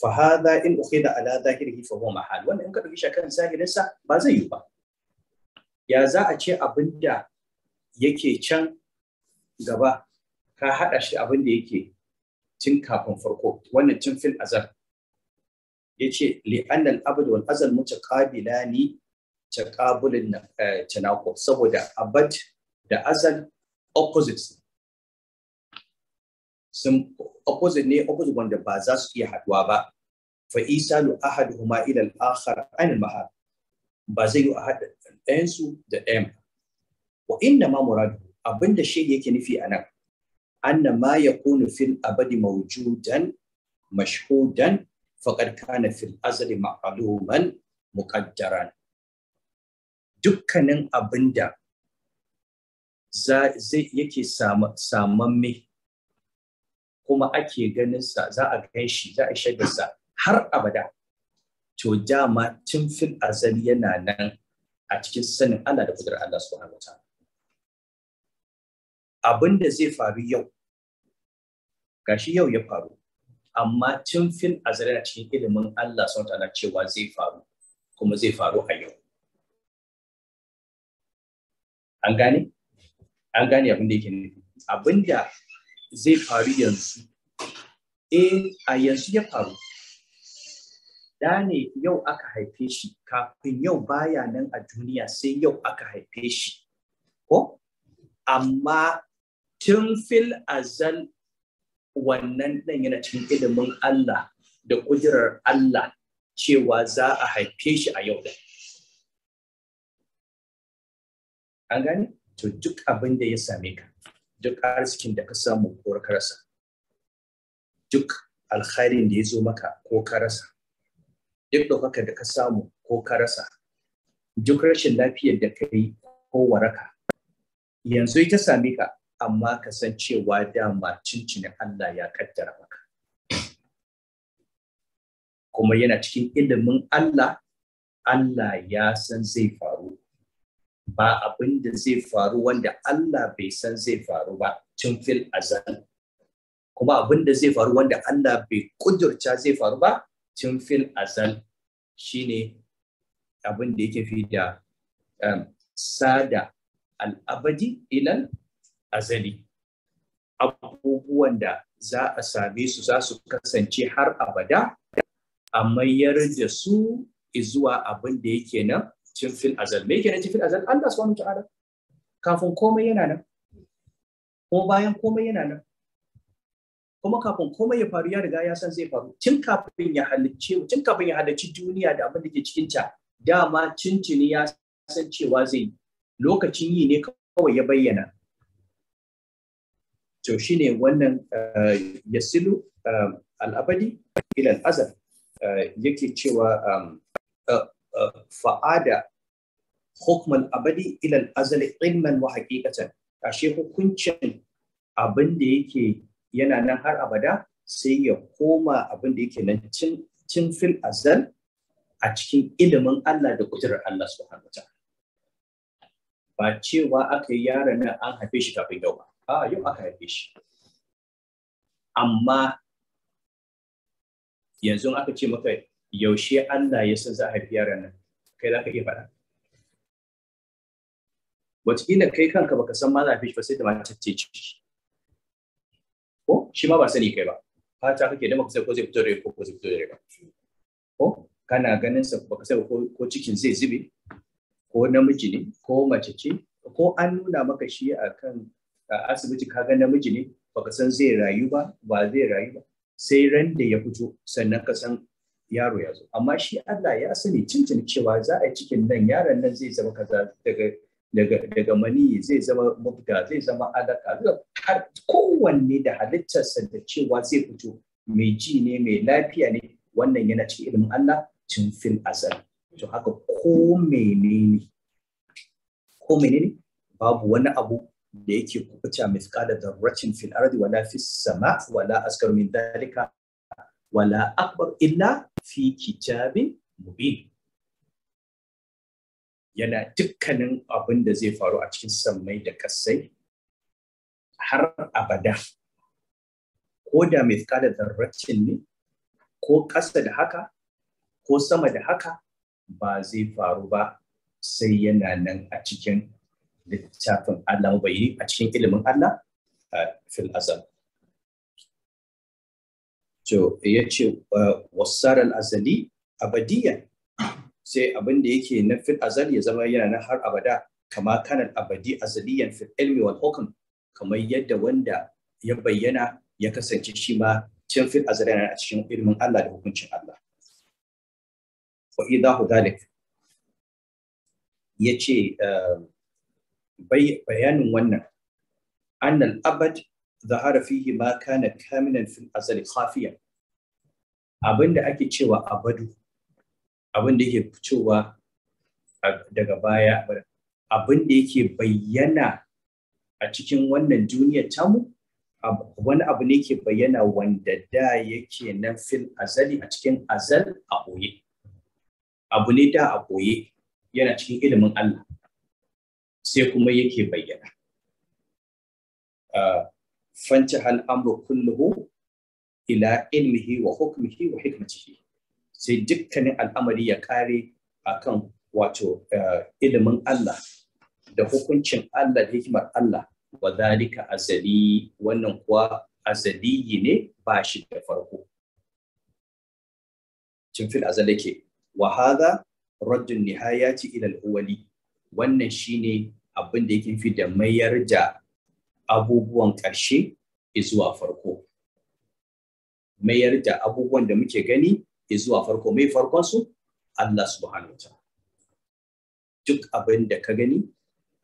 fa hadha in da ala zahirihi fa huwa mahal wannan in ka ɗauki shi kan zahirin ba zai yi ba ya za a ce abin da yake can gaba ka haɗa shi abin da yake tun kafin farko wannan tun fil azar. ya ce li'annal abad wal azal mutaqabilani taqabulin eh, tanaqub saboda abad da azal opposites sun opposite ne opposite wanda ba za su iya haɗuwa ba fa isalu ahaduhuma ila al-akhar an mahal ba zai yi ahad ɗayan su da ɗayan wa inna ma muradu abinda shi yake nufi anan anna ma yakunu fil abadi mawjudan mashhudan faqad kana fil azali ma'luman dukkanin abinda zai yake samamme kuma ake ganinsa sa za a gan shi za a shaida har abada to dama tun fil azali yana nan a cikin sanin Allah da kudurar Allah subhanahu wa ta'ala abin da zai faru yau gashi yau ya faru amma tun fil azali a cikin ilimin Allah sun ta'ala cewa zai faru kuma zai faru a yau an gane an gane abin da yake nufi abin da zai faru yanzu eh a yanzu ya faru da ne yau aka haife shi kafin yau baya nan a duniya sai yau aka haife shi ko amma tun fil azal wannan ɗan yana cikin ilimin Allah da ƙudurar Allah cewa za a haife shi a yau da. An gani To duk abin da ya same ka, duk arzikin da ka samu ko ka rasa, duk alkhairin da ya zo maka ko ka rasa, duk ɗaukaka da ka samu ko ka rasa, duk rashin lafiyar da ka yi ko waraka, yanzu ita same ka amma ka san cewa dama cincinin Allah ya kaddara maka kuma yana cikin ilimin Allah Allah ya san zai faru ba abin da zai faru wanda Allah bai san zai faru ba tun fil azal kuma abin da zai faru wanda Allah bai kudurta zai faru ba tun fil azal shine abin da yake fi da um, sada al'abadi ilal azali abubuwan da za a same su za su kasance har abada a mayar da su zuwa abin da yake nan cin fil azal me yake nan cin fil azal Allah subhanahu ta'ala kafin komai yana nan ko bayan komai yana nan kuma kafin komai ya faru ya riga ya san zai faru tun kafin ya halicce tun kafin ya halicci duniya da abin da ke cikin ta dama cincini ya san cewa zai lokacin yi ne kawai ya bayyana to ne wannan eh, yasilu eh, al'abadi ilal azal eh, yake cewa um, fa'ada hukman abadi ilal azal ilman wa haqiqatan ashe hukuncin abin da yake yana nan har abada sai ya koma abin da yake nan cin fil azal a cikin ilimin Allah da kudurar Allah subhanahu wa ba cewa aka yi yaron nan an haife shi kafin yau ba a yau aka haife shi amma yanzu aka ce maka yaushe Allah ya san za a haifi yaran nan kai za ka iya faɗa wataƙila kai kanka baka san ma za a haife shi ba sai da matar ce ciki ko shi ma ba sani kai ba fata kake da sai ko zai fito da ko ko zai fito da rai ba ko kana ganin sa baka sai ko ko cikin zai zube ko namiji ne ko mace ce ko an nuna maka shi a kan a asibiti ka ga namiji ne baka san zai rayu ba ba zai rayu ba sai ran da ya fito sannan ka san yaro ya zo amma shi Allah ya sani cincin cewa za a cikin nan yaron nan zai zama kaza daga daga daga mani zai zama mubda zai zama alaka har kowanne da halittarsa da cewa zai fito mai ji ne mai lafiya ne wannan yana cikin ilimin Allah tun fil asal to haka ko menene ko menene babu wani abu da yake kubuta da rachin fil ardi wala fi sama wala askar min dalika wala akbar illa fi kitabin mubin yana dukkanin abin da zai faru a cikin sammai da kasai har abada ko da da rachin ne ko ƙasa da haka ko sama da haka ba zai faru ba sai yana nan a cikin littafin Allah bai yi a cikin ilimin Allah a fil azal to ya ce wasar al’azali azali sai abin da yake na fil azal ya zama yana na har abada kama kanan abadi azaliyan fil ilmi wal hukum, kamar yadda wanda ya bayyana ya kasance shi ma can fil azal yana a cikin ilimin Allah da hukuncin Allah wa idahu dalik ce. uh, bayanin wannan annal abad zahara fihi ma kana kaminan fil azali khafiyan abinda ake cewa abadu abinda yake cewa daga baya abinda yake bayyana a cikin wannan duniyar tamu wani abu ne ke bayyana wanda da yake na fil azali a cikin azal a ɓoye abu ne da a ɓoye yana cikin ilimin Allah sai kuma yake bayyana fanci hal amru kulluhu ila ilmihi wa hukmihi wa hikmatihi sai dukkanin al'amari ya kare akan wato ilimin Allah da hukuncin Allah da hikimar Allah wa zalika azali wannan kuwa azaliyi ne ba shi da farko cin fil ke yake wa hadha raddun nihayati ila al wannan shine abin da yake fi da mayar da abubuwan ƙarshe zuwa farko mayar da abubuwan da muke gani zuwa farko mai farkon su Allah subhanahu wa duk abin da ka gani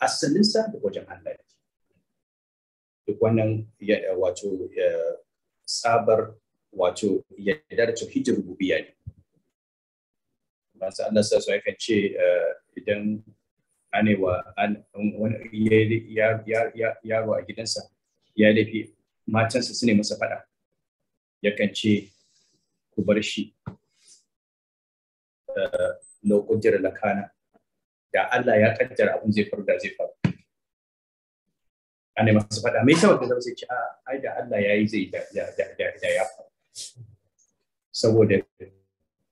asalinsa da wajen Allah ne duk wannan wato sabar wato yadda tauhidin rububiya ne masu Allah sa yakan ce eh, idan Anewa wani yaro a gidansa ya dafi matansa su ne masa faɗa yakan ce ku bar shi na eh, kujjar lakana da Allah ya kaddara abin zai faru da zai faru ana masa fada me yasa da zai ce ai da Allah ya yi zai da ya faru saboda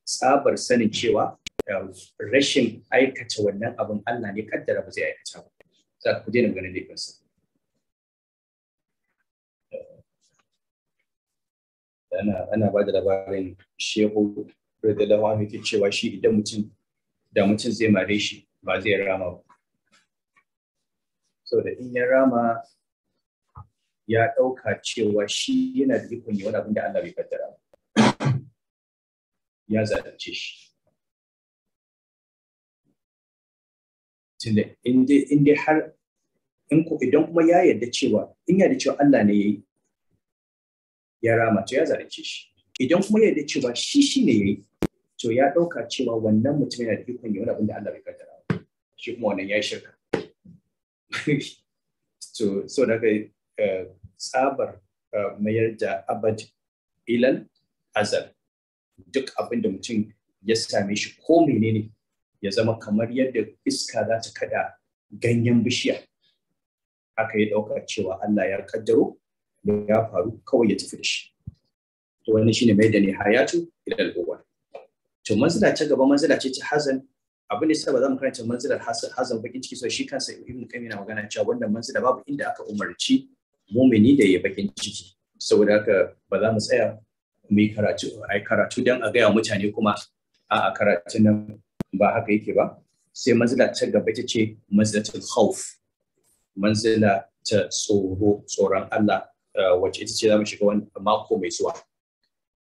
tsabar sanin cewa Um, rashin aikata wannan abin Allah ne kaddara ba zai aikata ba za ku daina ganin laifinsa ana ana ba da labarin shehu radiyallahu anhu ke cewa shi idan mutum da mutum zai mare shi ba zai rama ba so da in ya rama ya ɗauka cewa shi yana da ikon yi wani abin da Allah bai kaddara ya zalunce shi tunda in dai har in ku idan kuma ya yarda cewa in yarda cewa Allah ne yayi ya rama to ya zarce shi idan kuma ya yarda cewa shi shi ne yayi to ya dauka cewa wannan mutum yana da ikon yawan wani abin da Allah bai kaddara ba shi kuma wannan yayi shirka to so da kai eh, tsabar eh, mayar da abad ilal azal duk abin da mutum ya same shi ko menene ya zama kamar yadda iska za ta kada ganyen bishiya aka yi ɗaukar cewa Allah ya kaddaro ya faru kawai ya tafi da shi to wannan shine mai da ne hayatu ilal uwa to manzila ta gaba manzila ce ta hazan abin da yasa ba za mu karanta manzilar hazan bakin ciki so shi kansa ibnu qayyim yana magana cewa wannan manzila babu inda aka umarci mumini da ya bakin ciki saboda haka ba za mu tsaya mu yi karatu ai karatu don a gaya mutane kuma a karatu nan ba haka yake ba sai manzila ta gaba ita ce manzilatul khawf manzila ta tsoro tsoron Allah eh, wacce ita ce za mu shiga wani mako mai zuwa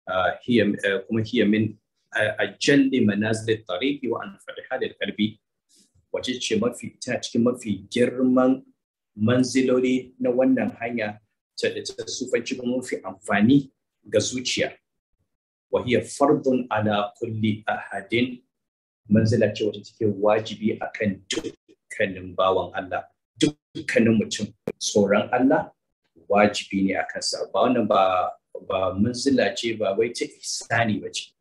eh, eh, kuma hiya min ajalli manazil tariqi wa an fadiha qalbi wacce ce mafi ta cikin mafi girman manziloli na wannan hanya ta ta sufanci kuma mafi amfani ga zuciya wa hiya fardun ala kulli ahadin manzila ce wata take wajibi a kan dukkanin bawan Allah dukkanin mutum tsoron Allah wajibi ne a kansa ba wannan ba ba manzila ce ba wai ta isani ba ce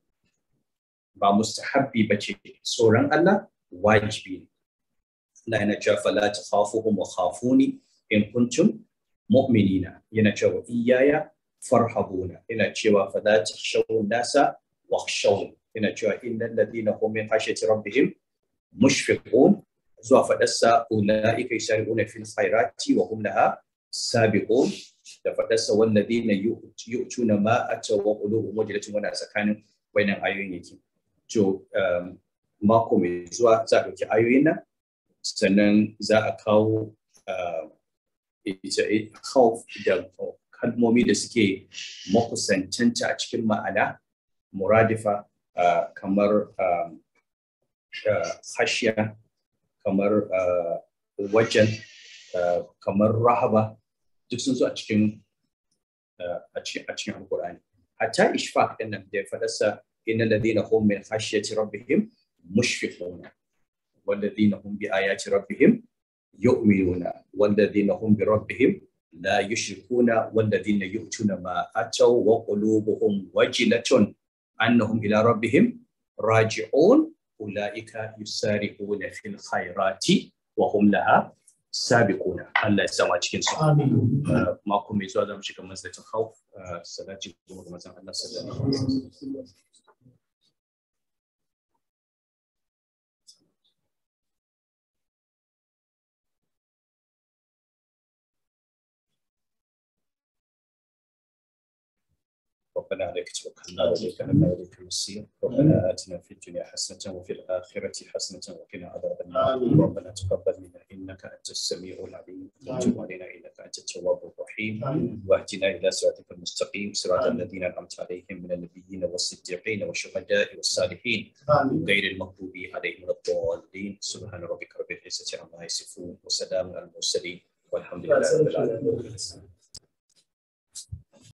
ba mustahabbi ba ce tsoron Allah wajibi ne Allah yana cewa fala takhafuhum kuma khafuni in kuntum mu'minina yana cewa iyaya farhabuna yana cewa fala takshawun nasa wa yana cewa innal ladina hum min khashyati rabbihim mushfiqun zuwa fadarsa ulaika yasari'una fil khairati wa hum laha sabiqun da fadarsa wal ladina yu'tuna ma ataw wa qulubuhum wajilatun wa tsakanin bainan ayoyin yake to um, mako mai zuwa za a ɗauki ayoyin nan sannan za a kawo um, eh, khawf da kalmomi da suke makusantanta a cikin ma'ana muradifa Uh, kamar um, uh, hashiya kamar uh, wajen kamar rahaba duk sun zo a cikin a cikin alkur'ani hatta ishfaq din nan da fadarsa innal ladina hum min khashyati rabbihim mushfiquna wal ladina hum bi ayati rabbihim yu'minuna wal ladina hum bi rabbihim la yushrikuna wal ladina yu'tuna ma ataw wa qulubuhum wajilatun annahum ila rabbihim raji'un ulaika yusari'una fil khairati wa hum laha sabiquna Allah ya sama cikin su amin uh, mako mai zuwa zamu shiga masallacin khawf uh, salati ga manzon Allah sallallahu alaihi wasallam ربنا عليك توكلنا عليك انا اليك المسير ربنا اتنا في الدنيا حسنه وفي الاخره حسنه وقنا عذاب النار ربنا تقبل منا انك انت السميع العليم وتب علينا انك انت التواب الرحيم واهدنا الى صراطك المستقيم صراط الذين انعمت عليهم من النبيين والصديقين والشهداء والصالحين غير المغضوب عليهم ولا الضالين سبحان ربك رب العزه عما يصفون وسلام على المرسلين والحمد لله رب العالمين